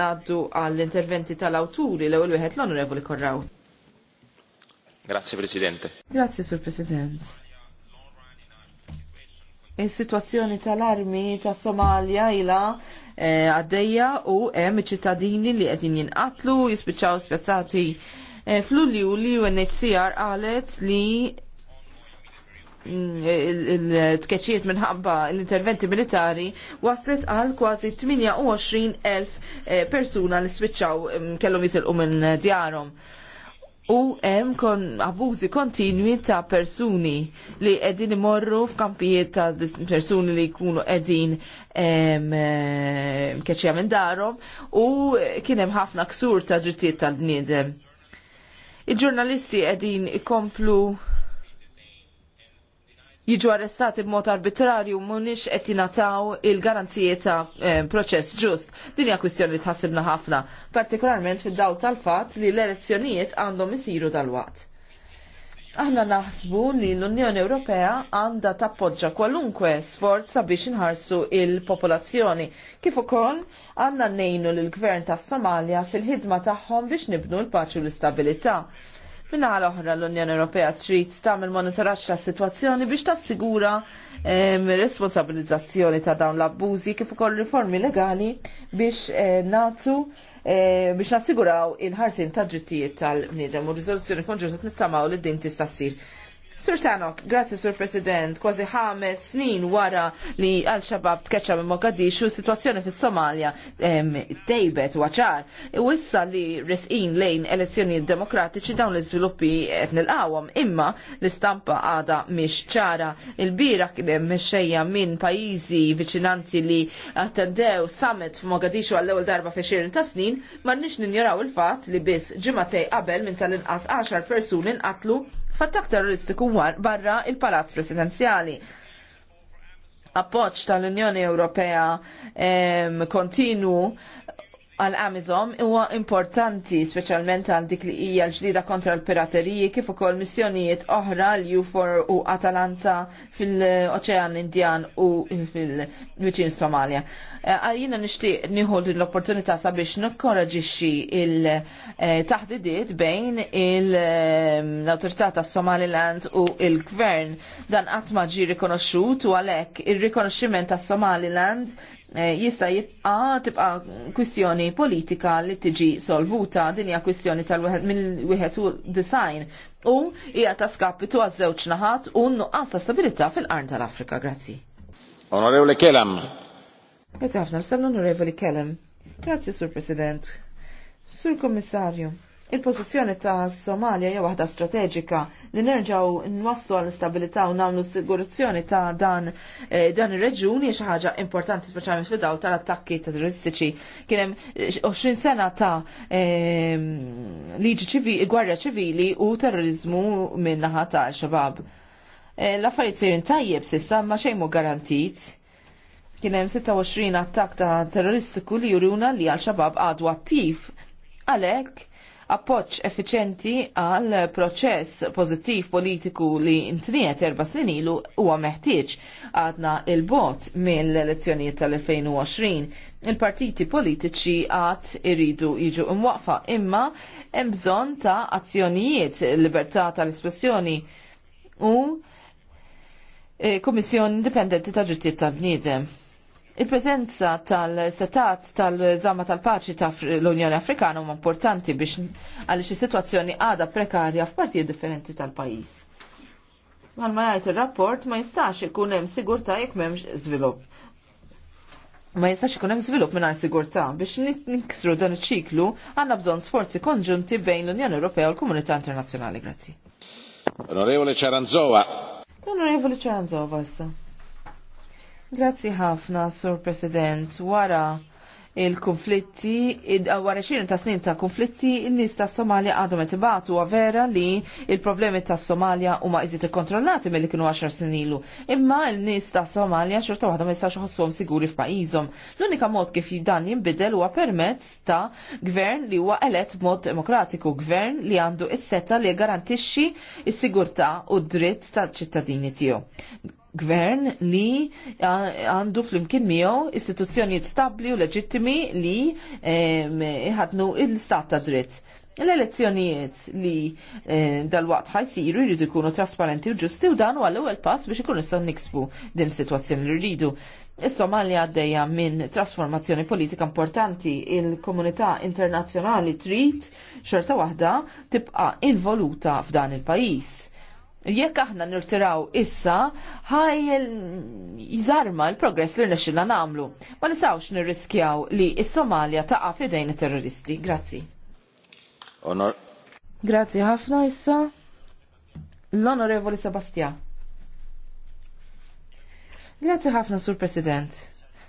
Naddu għall-interventi tal-awturi l ewwel wieħed l-Onorevoli Korraw. Grazie Presidente. Grazie Sur President. Is-sitwazzjoni tal-armi ta' Somalia ila eh, għaddejja u hemm ċittadini li qegħdin jinqatlu jispiċċaw spjazzati eh, Flulju li UNHCR qalet li il-tkeċiet minħabba l-interventi militari waslet għal kważi 28,000 eh, persuna li spiċċaw mm, kellhom jitilqu minn djarhom. U hemm kon abużi kontinwi ta' persuni li qegħdin imorru f'kampijiet ta' persuni li jkunu qegħdin mkeċja minn darhom u kien hemm ħafna ksur ta' ġrittijiet tal-bniedem. Il-ġurnalisti qegħdin ikomplu jiġu arrestati b'mod arbitrarju mhumiex qed jingħataw il-garanzijiet ta' eh, proċess ġust. Din hija kwistjoni li tħassibna ħafna, partikolarment fid-daw tal-fatt li l-elezzjonijiet għandhom isiru tal waqt Aħna naħsbu li l-Unjoni Ewropea għandha tappoġġa kwalunkwe sforz sabiex inħarsu il-popolazzjoni. Kif ukoll għandna nejnu lill gvern tas Somalja fil-ħidma tagħhom biex nibnu l-paċi u l-istabilità. Minna għal oħra l-Unjoni Ewropea trid tagħmel monitoraġġ tas sitwazzjoni biex tassigura responsabilizzazzjoni ta' dawn l-abbużi kif ukoll riformi legali biex eh, nagħtu eh, biex nassiguraw il-ħarsin ta' drittijiet tal-bniedem u riżoluzzjoni konġurta nittamaw li din tista' ssir. Sur Tanok, grazie Sur President, kważi ħames snin wara li għal-xabab tkeċċa minn Mogadishu, situazzjoni fis somalia dejbet waċar. U issa li resqin lejn elezzjoni demokratiċi dawn l-izviluppi qed nilqawhom, imma l-istampa għada mhix ċara. Il-bira kien hemm mexxejja minn pajjiżi viċinanti li attendew summit f'Mogadishu għall-ewwel darba fi xirin ta' snin, ma rnix ninjoraw il-fatt li biss ġimatej qabel minn tal-inqas 10 persuni nqatlu fattak terroristiku barra il-palazz presidenzjali appoċ tal-Unjoni Ewropea kontinu għal Amazon huwa importanti speċjalment għal dik li hija l-ġlida kontra l-pirateriji kif ukoll missjonijiet oħra l UFOR u Atalanta fil-Oċean Indjan u fil-Wiċin Somalia. Eh, Jiena nixtieq niħol l-opportunità sabiex nikkoraġixxi il-taħdidiet bejn eh, l-awtorità tas Somaliland u l gvern Dan qatt ma ġie rikonoxxut u għalhekk ir-rikonoxximent tas Somaliland Eh, jista jibqa tibqa kwistjoni politika li tiġi solvuta din hija kwistjoni tal-wieħed mill-wieħed u design u hija ta' skapitu għaż-żewġ naħat u nuqqas ta' stabilità fil-qarn tal-Afrika. Grazzi. Onorevoli Kelem. Grazzi ħafna l-onorevoli Kelem. Grazzi, Sur President. Sur Kommissarju. Il-pozizjoni ta' Somalia hija waħda strateġika li nerġgħu nwasslu għall istabilità u nagħmlu sigurazzjoni ta' dan eh, dan ir-reġuni xi ħaġa importanti speċjalment fid-dawl tal-attakki ta' terroristiċi. Kien hemm 20 eh, sena ta' eh, liġi ċivili, gwerra ċivili u terrorizmu minn naħa ta' xabab. Eh, L-affarijiet sejrin tajjeb sissa ma xejn mhu garantit. Kien hemm 26 attak ta' terroristiku li juruna li għal xabab għadu attiv. Għalhekk appoġġ effiċenti għal proċess pożittiv politiku li intniet erba' snin ilu huwa meħtieġ għadna il-bot mill-elezzjonijiet tal-2020. Il-partiti politiċi għad iridu jiġu imwaqfa imma hemm bżonn ta' azzjonijiet libertà tal-espressjoni u eh, Kummissjoni Indipendenti ta' Ġittiet tal-Bniedem Il-prezenza tal-setat tal-żama tal-paċi ta' l-Unjoni Afrikana huma importanti biex għaliex is-sitwazzjoni għadha prekarja f'partijiet differenti tal-pajjiż. Malma jgħid ir-rapport ma jistax ikun hemm sigurtà jekk m'hemmx żvilupp. Ma jistax ikun hemm żvilupp mingħajr sigurtà biex niksru dan iċ-ċiklu għandna bżonn sforzi konġunti bejn l-Unjoni Ewropea u l-Komunità Internazzjonali. Grazzi. Onorevole Ċaranzova. Onorevole Ċaranzova issa. Grazzi ħafna, Sur President. Wara il-konflitti, ah, wara xirin ta' snin ta' konflitti, n-nis ta' Somalia għadhom qed ibatu vera li il-problemi ta' Somalia huma iżid ikkontrollati mill-li kienu 10 snin ilu. Imma l-nis ta' Somalia xorta waħda ma jistax iħossuhom siguri f'pajjiżhom. L-unika mod kif dan jinbidel huwa permezz ta' gvern li huwa elett mod demokratiku, gvern li għandu is-seta li garantixxi s-sigurtà u d-dritt ta' ċittadini tiegħu gvern li għandu fl-imkien miegħu istituzzjonijiet stabbli u leġittimi li ħadnu l-istat ta' dritt. L-elezzjonijiet li dal-waqt ħajsiru jridu jkunu trasparenti u ġusti u dan huwa l-ewwel pass biex ikun nistgħu niksbu din is-sitwazzjoni li rridu. Is-Somalja għaddejja minn trasformazzjoni politika importanti il-komunità internazzjonali trid xorta waħda tibqa' involuta f'dan il-pajjiż jekk aħna nirtiraw issa, ħaj jizarma l-progress li rnexxilna namlu. Ma nistgħux nirriskjaw li s somalia taqa' fidejn it-terroristi. Grazzi. Honor. Grazzi ħafna issa. L-Onorevoli Sebastian. Grazzi ħafna, Sur President.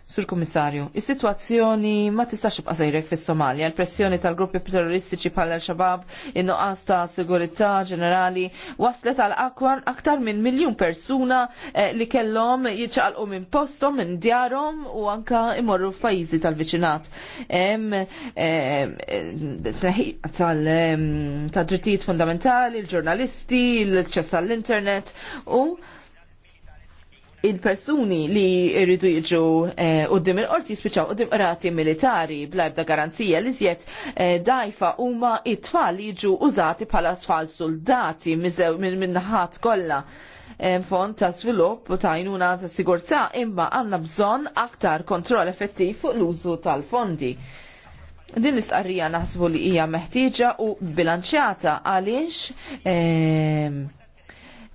Sur Kummissarju, is-sitwazzjoni ma tistax tibqa' sejrek fis-Somalja, l-pressjoni tal-gruppi terroristiċi bħal al-Shabab, in-nuqqas ta' sigurità ġenerali waslet għal akwar aktar minn miljun persuna eh, li kellhom jiċċaqalqu minn postom, minn djarhom u anka imorru f'pajjiżi tal-viċinat. Hemm eh, tal-drittijiet eh, fundamentali, l ġurnalisti l-ċess għall-internet u il-persuni li jridu jiġu eh, qudiem il-qorti jispiċċaw qudiem qrati militari bl-ebda garanzija li żjed eh, dajfa huma it-tfal li jiġu użati bħala tfal soldati minnaħat kollha eh, fond ta' svilupp u ta' jnuna ta' sigurtà imma għandna bżonn aktar kontroll effettiv fuq l-użu tal-fondi. Din l isqarrija naħsbu li hija meħtieġa u bilanċjata għaliex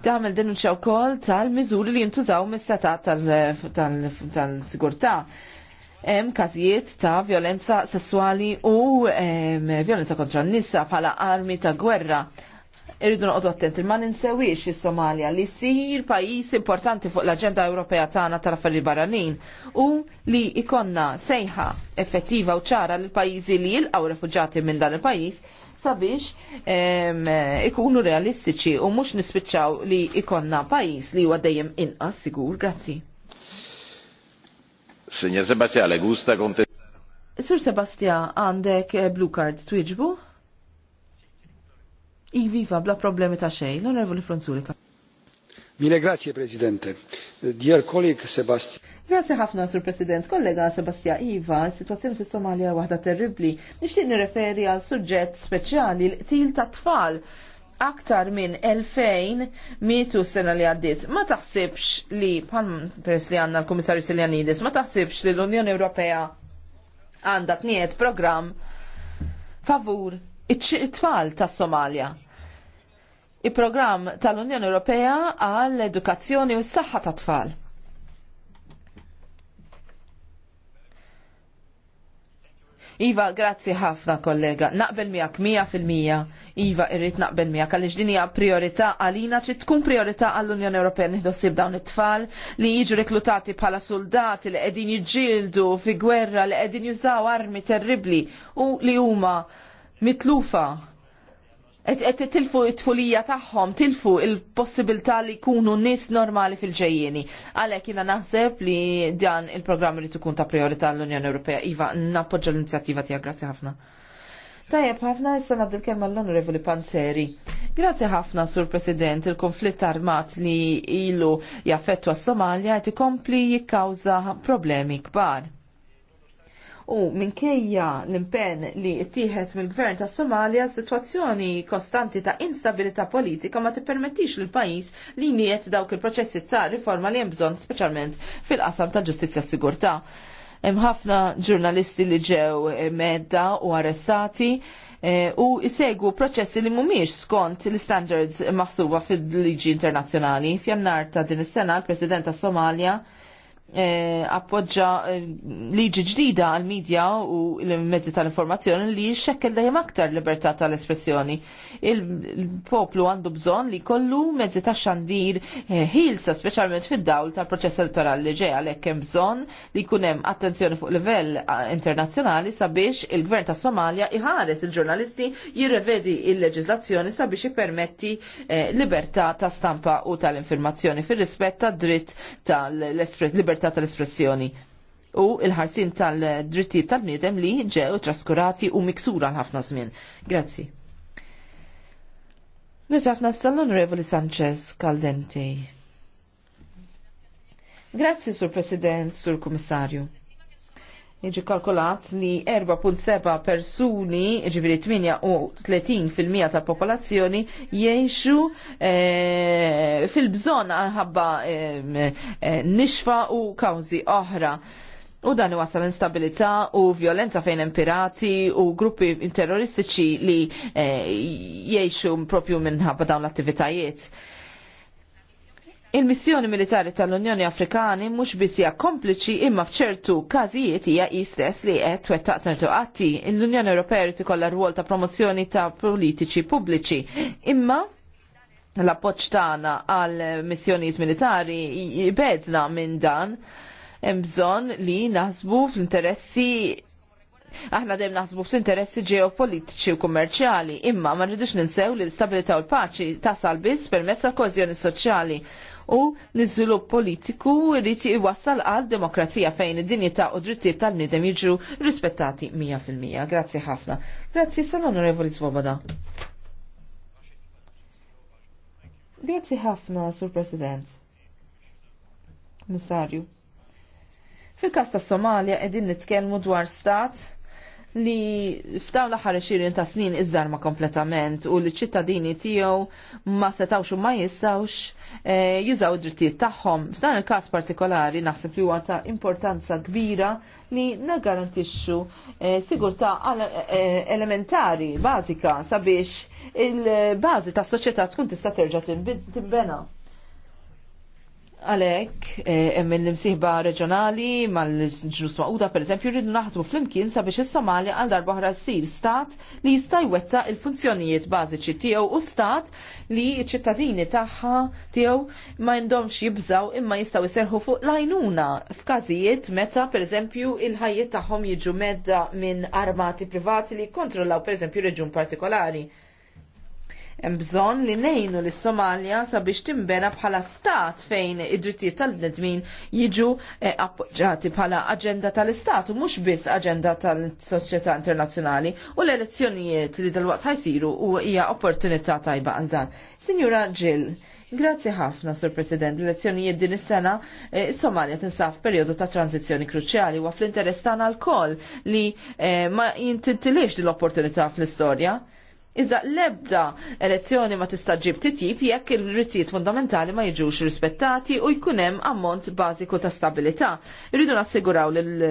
tagħmel denunċja wkoll tal-miżuri li jintużaw mis-setat tal-sigurtà. Hemm każijiet ta' violenza sessuali u violenza kontra n-nisa bħala armi ta' gwerra irridu noqogħdu attenti ma ninsewix is-Somalja li jsir pajjiż importanti fuq l-aġenda Ewropea tagħna tal-affarijiet barranin u li ikonna sejħa effettiva u ċara lil pajjiżi li jilqgħu refuġati minn dan il-pajjiż sabiex ikunu realistiċi u mhux nispiċċaw li ikonna pajjiż li huwa dejjem inqas sigur. Grazzi. Signor Sebastiale, gusta konte. Sur Sebastia, għandek eh, blue cards twiġbu? Iviva, bla problemi ta' xej, l-onorevoli Fronzulika. Mille grazie, Presidente. Dear colleague Sebastian. Grazzi ħafna, Sur President, kollega Sebastia Iva, situazzjoni fis somalia waħda terribli. Nixtieq nirreferi għal suġġett speċjali l-qtil ta' tfal aktar minn 2000 mietu s-sena li għaddit. Ma taħsibx li, pan peress li għanna l-Komissarju Siljanidis, ma taħsibx li l-Unjoni Ewropea għanda t-niet program favur it-tfal ta' Somalia. Il-program tal-Unjoni Ewropea għall-edukazzjoni u s-saħħa ta' tfal. Iva, grazzi ħafna kollega, naqbel miegħek mija fil-mija. Iva, irrit naqbel miegħek għaliex din hija priorità għalina ċi tkun priorità għall-Unjoni Ewropea nieħdossib dawn it-tfal li jiġu reklutati bħala soldati li qegħdin jiġġieldu fi gwerra li qegħdin jużaw armi terribli u li huma mitlufa qed tilfu t-tfulija tagħhom, tilfu il-possibilità li jkunu nies normali fil-ġejjieni. Għalhekk jiena naħseb li dan il-programm li tkun ta' priorità l-Unjoni Ewropea. Iva, nappoġġa l-inizjattiva tiegħek, grazzi ħafna. Tajjeb, ħafna issa nabdil kelma l-Onorevoli Panzeri. Grazzi ħafna, Sur President, il-konflitt armat li ilu jaffettwa s Somalia qed ikompli jikkawza problemi kbar u minkejja l-impenn li tieħed mill-gvern ta' Somalia situazzjoni kostanti ta' instabilità politika ma tippermettix l pajis li niet dawk il-proċessi ta' riforma li hemm bżonn speċjalment fil-qasam ta' ġustizzja sigurtà. Hemm ħafna ġurnalisti li ġew medda u arrestati e, u isegwu proċessi li mumiex skont l-standards maħsuba fil-liġi internazzjonali. Fjannar ta' din is-sena l-President ta' Somalia eh, appoġġa eh, liġi ġdida għal medja u l-mezzi tal-informazzjoni li xekkel dajem aktar libertà tal-espressjoni. Il-poplu għandu bżonn li kollu mezzi ta' xandir eh, ħilsa eh, speċjalment fid-dawl tal-proċess elettorali ġej għalhekk hemm bżonn li jkun hemm attenzjoni fuq livell eh, internazzjonali sabiex il-Gvern ta' Somalia iħares il-ġurnalisti jirrevedi il-leġislazzjoni sabiex permetti eh, libertà ta' stampa u tal-informazzjoni fir-rispett tad dritt tal espressjoni tal-libertà tal-espressjoni u il-ħarsin tal-drittijiet tal-bniedem li ġew traskurati u miksura l-ħafna żmien. Grazzi. Grazzi ħafna sal-Onorevoli Sanchez Caldente. Grazzi, Sur President, Sur Commissario jiġi kalkulat li 4.7 persuni, fil 38% tal-popolazzjoni, jiexu e, fil-bżon ħabba e, e, nixfa u kawzi oħra. U dan wasal instabilità u violenza fejn hemm pirati u gruppi terroristiċi li jiexu propju minħabba dawn l-attivitajiet Il-missjoni militari tal-Unjoni Afrikani mhux biss hija kompliċi imma f'ċertu każijiet hija istess li qed twettaq ċertu qatti. L-Unjoni Ewropea rid ikollha rwol ta' promozzjoni ta' politiċi pubbliċi. Imma l-appoġġ tagħna għal missjonijiet militari jibedna minn dan hemm bżonn li naħsbu fl-interessi Aħna dejjem naħsbu fl-interessi ġeopolitiċi u kummerċjali, imma ma rridux ninsew li l-istabilità u l-paċi tasal biss permezz tal-kohżjoni soċjali u l-iżvilupp politiku jrid iwassal għal demokrazija fejn id-dinjità u drittijiet tal-nidem jiġu rispettati 100%. Grazzi ħafna. Grazzi sal-Onorevoli Svoboda. Grazzi ħafna, Sur President. Komissarju. Fil-kas ta' Somalia edin nitkellmu dwar stat li f'dawn l-aħħar xirin ta' snin iżarma kompletament u l-ċittadini tiegħu ma setawx u ma jistawx eh, jużaw id-drittijiet tagħhom. F'dan il-każ partikolari naħseb li huwa ta' importanza kbira li nagarantixxu eh, sigurtà eh, elementari, bażika sabiex il-bażi tas-soċjetà tkun tista' terġa' timbena. Għalek, eh, emmin l-imsiħba reġjonali mal-ġnus maquda per eżempju rridu naħdmu fl-imkien sabiex is somalia għal darba s-sir stat li jista' jwetta il-funzjonijiet bażiċi tiegħu u stat li ċ-ċittadini tagħha tiegħu ma jindomx jibżaw imma jistgħu jserħu fuq lajnuna f'każijiet meta per eżempju il-ħajjiet tagħhom jiġu medda minn armati privati li kontrollaw per eżempju reġjun partikolari Hemm bżonn li ngħinu lis somalja sabiex timbena bħala stat fejn id-drittijiet tal-bnedmin jiġu eh, appoġġati bħala aġenda tal-istat u mhux biss aġenda tal-soċjetà internazzjonali u l-elezzjonijiet li dalwaqt ħajsiru u hija opportunità tajba għal dan. Sinjura Ġill, Grazzi ħafna, Sur President. L-elezzjonijiet din is-sena eh, Somalia tinsaf perjodu ta' tranzizzjoni kruċjali wa fl-interess tagħna l-koll li eh, ma jintintilix l-opportunità fl-istorja. Iżda l-ebda elezzjoni ma tista' ġib titjib jekk il-rizzijiet fundamentali ma jiġux rispettati u jkun hemm ammont bażiku ta' stabilità. Irridu nassiguraw lil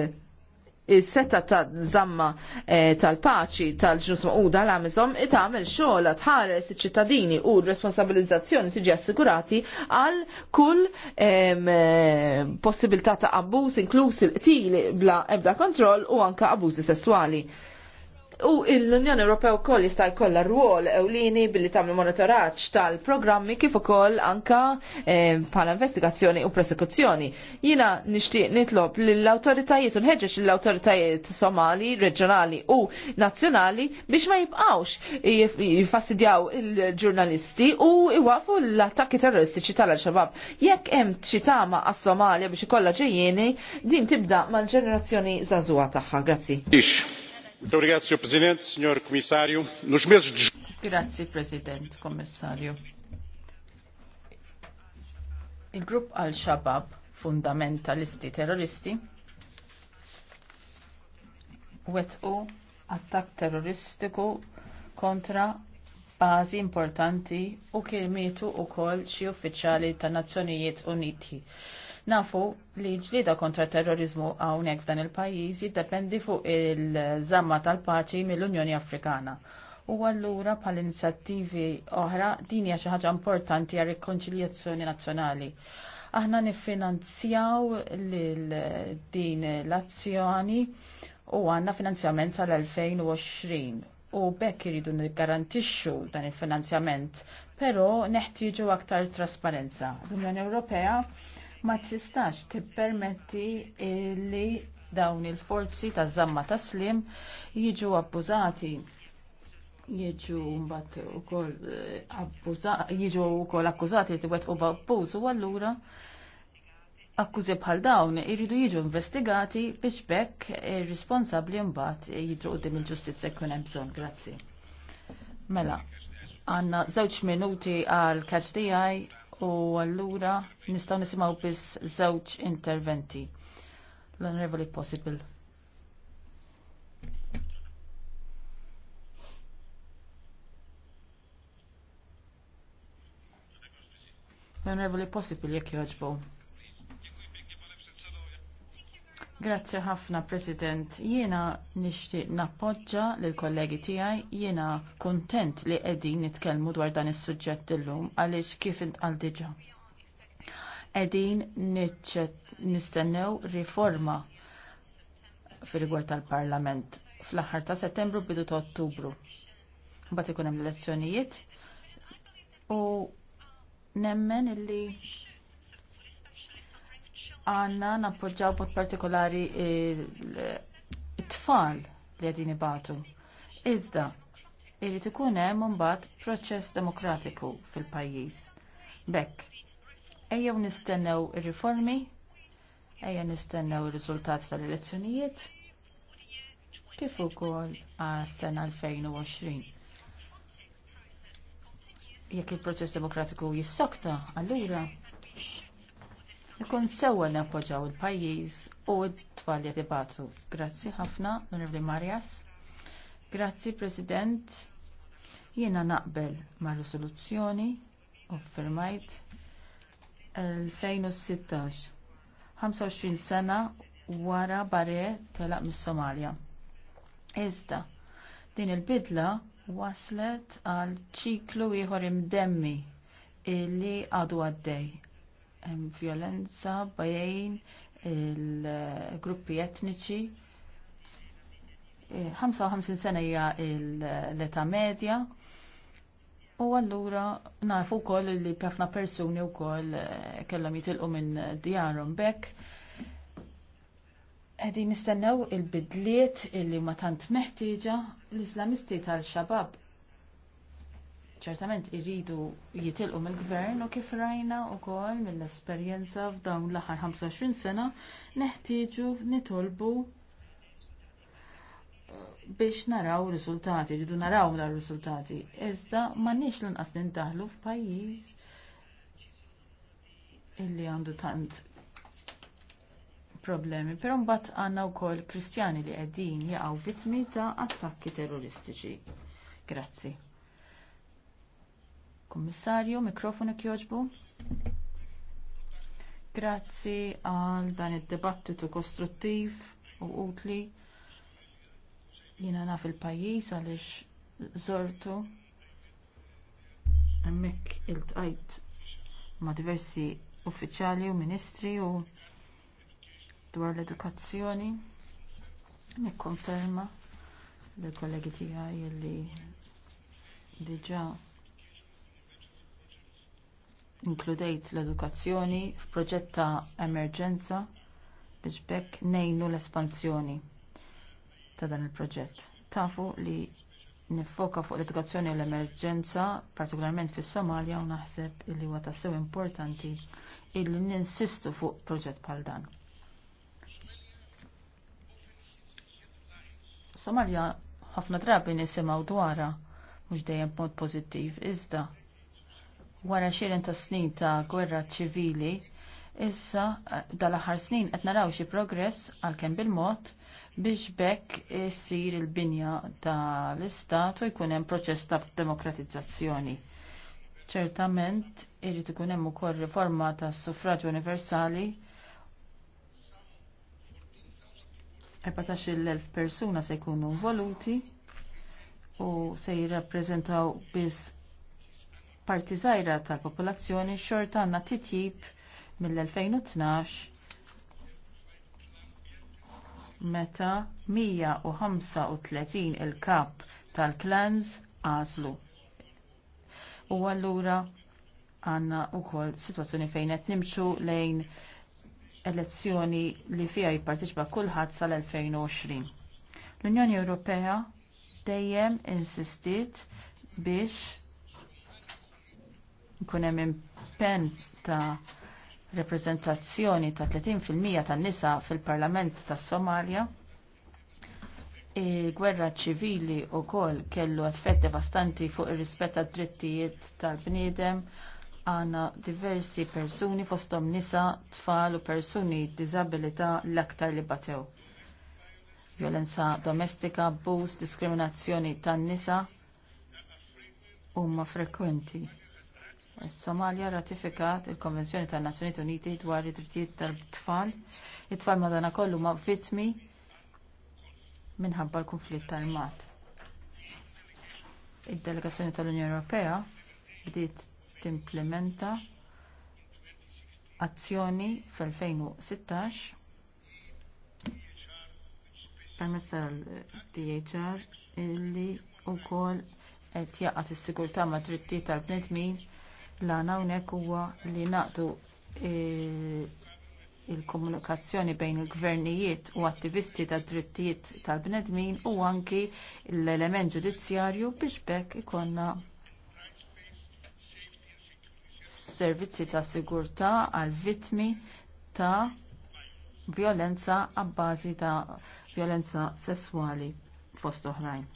il-setta ta' zamma eh, tal-paċi tal-ġnus maquda l-Amazon għamil xogħla tħares iċ-ċittadini u l-responsabilizzazzjoni tiġi assigurati għal kull eh, possibilità ta' abbuż inklusi tili bla ebda kontroll u anka abbużi sessuali. U l-Unjoni Ewropea wkoll jista' jkollha rwol ewlieni billi tagħmel monitoraġġ tal-programmi kif ukoll anka eh, bħala investigazzjoni u prosekuzzjoni. Jiena nixtieq nitlob lill-awtoritajiet u nħeġġeġ lill-awtoritajiet Somali, reġjonali u nazzjonali biex ma jibqgħux jifastidjaw il-ġurnalisti u iwaqfu l-attakki terroristiċi tal al Jekk hemm xi tama għas-Somalja biex ikollha ġejjieni, din tibda mal-ġenerazzjoni żagħżugħa tagħha. Grazzi. Grazie, President, Commissario. Il-grupp al xabab fundamentalisti terroristi, wetqu attakk terroristiku kontra bażi importanti u kien mietu wkoll xi uffiċjali tan Nazzjonijiet Uniti. Nafu li ġlida kontra terrorizmu hawnhekk f'dan il-pajjiż jiddependi fuq il-żamma tal-paċi mill-Unjoni Afrikana. U allura bħal inizjattivi oħra din hija xi ħaġa importanti għar rikonċiljazzjoni nazzjonali. Aħna niffinanzjaw lil din l-azzjoni u għandna finanzjament sal-2020 u bekk iridu niggarantixxu dan il-finanzjament, però neħtieġu aktar trasparenza. L-Unjoni Ewropea ma tistax tippermetti li dawn il-forzi ta' zamma ta' slim jiġu abbużati jiġu mbagħad ukoll eh, abbużati jiġu wkoll akkużati li t-għet u babbuż u allura akkużi bħal dawn iridu jiġu investigati biex bekk responsabbli mbagħad jiġu u il-ġustizzja jkun hemm bżonn. Grazzi. Mela, għanna żewġ minuti għal catch u allura nistgħu nisimgħu biss żewġ interventi. L-Onorevoli Possible. L-Onorevoli Possible jekk joġbu. Grazzi ħafna, President. Jiena nixtieq nappoġġa lill kollegi tiegħi, jiena kuntent li qegħdin nitkellmu dwar dan is-suġġett illum għaliex kif intqal diġà. Qegħdin nistennew riforma fir-rigward tal-Parlament fl-aħħar ta' Settembru bidu ta' Ottubru. Mbagħad ikun hemm elezzjonijiet u nemmen illi għanna nappoġġaw bot partikolari it-tfal li għadini ibatu. Iżda, irrit ikun hemm imbagħad proċess demokratiku fil-pajjiż. Bekk, ejjew nistennew ir-riformi, ejja nistennew ir-riżultat tal-elezzjonijiet, kif ukoll għas-sena 2020 jekk il-proċess demokratiku jissokta, allura ikun sewwa li il-pajjiż u t-tfal li Grazzi ħafna, Onorevoli Marjas. Grazzi, President. Jiena naqbel ma' risoluzzjoni u firmajt 2016. 25 sena wara barre telaq mis-Somalja. Iżda, din il-bidla waslet għal ċiklu ieħor imdemmi illi għadu għaddej violenza bajjejn il-gruppi etniċi. 55 eh, sena hija l-età medja u allura nafu wkoll li ħafna persuni wkoll eh, kellhom jitilqu minn djarhom bekk. Qegħdin nistennew il-bidliet illi ma tant meħtieġa l-Islamisti tal-xabab ċertament irridu jitilqu mill-gvern u kif rajna wkoll mill-esperjenza f'dawn l-aħħar 25 sena neħtieġu nitolbu eh, biex naraw riżultati, rridu naraw dar riżultati. Iżda m'għandniex lanqas nindaħlu f'pajjiż illi għandu tant problemi, però mbagħad għandna wkoll Kristjani li qegħdin jaqgħu vittmi ta' attakki terroristiċi. Grazzi. Kommissarju, mikrofonu kjoġbu. Grazzi għal dan id debattitu kostruttiv u utli. Jina naf il-pajjiż għaliex żortu hemmhekk iltqajt ma' diversi uffiċjali u ministri u dwar l-edukazzjoni. Nikkonferma l-kollegi tiegħi li diġà inkludejt l-edukazzjoni f'proġett ta' emerġenza biex bekk nejnu l-espansjoni ta' dan il-proġett. Tafu li niffoka fuq l-edukazzjoni u l-emerġenza, partikolarment fis somalja u naħseb li huwa sew importanti illi ninsistu fuq proġett bħal dan. Somalja ħafna drabi nisimgħu dwarha mhux dejjem b'mod pożittiv iżda wara xirin ta' snin ta' gwerra ċivili, issa eh, dal-aħħar snin qed naraw xi progress għalkemm bil-mod biex bekk issir il-binja tal istat u jkun hemm proċess ta' demokratizzazzjoni. Ċertament irid ikun hemm ukoll riforma tas suffraġġ universali 14,000 persuna se jkunu involuti u se jirrappreżentaw biss parti żgħira tal-popolazzjoni xorta għandna titjib mill-2012 meta 135 il-kap tal-klans għażlu. U allura għandna wkoll sitwazzjoni fejn qed nimxu lejn elezzjoni li fiha jipparteċipa kulħadd sal-2020. L-Unjoni Ewropea dejjem insistiet biex Nkun hemm impenn ta' rappresentazzjoni ta' 30% tan-nisa fil-Parlament tas Somalja. Il-gwerra ċivili wkoll kellu effett devastanti fuq ir-rispett tad drittijiet tal-bniedem għana diversi persuni fosthom nisa, tfal u persuni b'diżabilità l-aktar li batew. Violenza domestika, abbuż, diskriminazzjoni tan nisa huma frekwenti. Is-Somalja ratifikat il-Konvenzjoni tan nazzjonijiet Uniti dwar id-drittijiet tal-tfal. It-tfal madanakollu ma' vittmi minħabba l-konflitt tal-mat. Id-delegazzjoni tal-Unjoni Ewropea bdiet timplementa azzjoni fl-2016 permezz l dhr illi wkoll qed jaqgħet is-sigurtà mad drittijiet tal-bnedmin l-għana unek huwa li naqdu e, il-komunikazzjoni bejn il-gvernijiet u attivisti tad drittijiet tal-bnedmin u anki l-element ġudizzjarju biex bekk ikonna servizzi ta' sigurtà għal vittmi ta' vjolenza abbażi ta' vjolenza sesswali fost oħrajn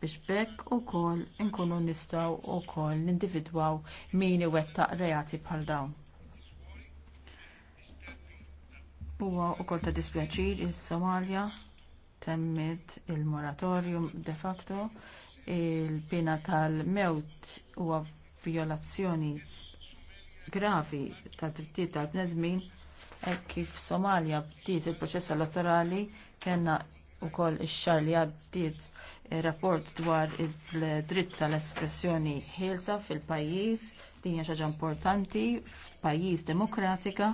biex bekk ukoll inkunu nistgħu wkoll nindividwaw min iwettaq reati bħal dawn. Huwa wkoll ta' dispjaċir is-Somalja temmiet il-moratorium de facto il-pina tal-mewt huwa vjolazzjoni gravi tad drittijiet tal-bnedmin hekk kif Somalja bdiet il-proċess elettorali kellna koll ix-xar li għaddiet rapport dwar id-dritt tal-espressjoni ħielsa fil-pajjiż din hija xaġa importanti f'pajjiż demokratika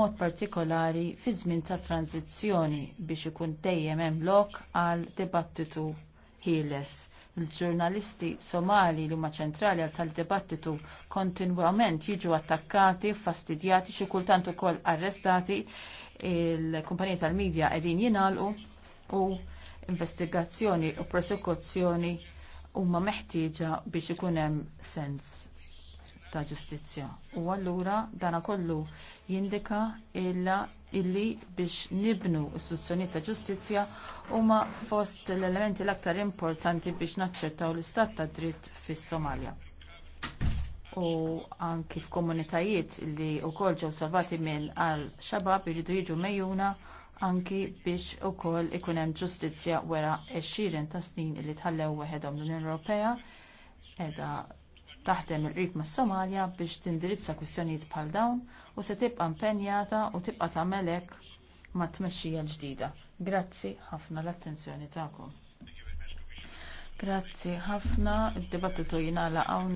mod partikolari fi żmien ta' tranzizzjoni biex ikun dejjem hemm lok għal dibattitu ħieles. Il-ġurnalisti somali li huma ċentrali għal tal-dibattitu kontinwament jiġu attakkati, fastidjati, xi kultant ukoll arrestati, il-kumpaniji tal-medja qegħdin jingħalqu u investigazzjoni u prosekuzzjoni huma meħtieġa biex ikun hemm sens ta' ġustizzja. U allura dana kollu jindika illa illi biex nibnu istituzzjoni ta' ġustizzja huma fost l-elementi l-aktar importanti biex naċċettaw l-istat ta' dritt fis somalja U anki f'komunitajiet li wkoll ġew salvati minn għal xabab iridu jiġu mejjuna anki biex ukoll ikun hemm ġustizzja wara 20 ta' snin li tħallew weħedhom l-Unjoni Ewropea qiegħda taħdem il-qrib mas Somalja biex tindirizza kwistjonijiet bħal dawn u se tibqa' impenjata u tibqa' tagħmel hekk mat tmexxija ġdida. Grazzi ħafna l-attenzjoni tagħkom. Grazzi ħafna, id-dibattitu jingħalaq hawn.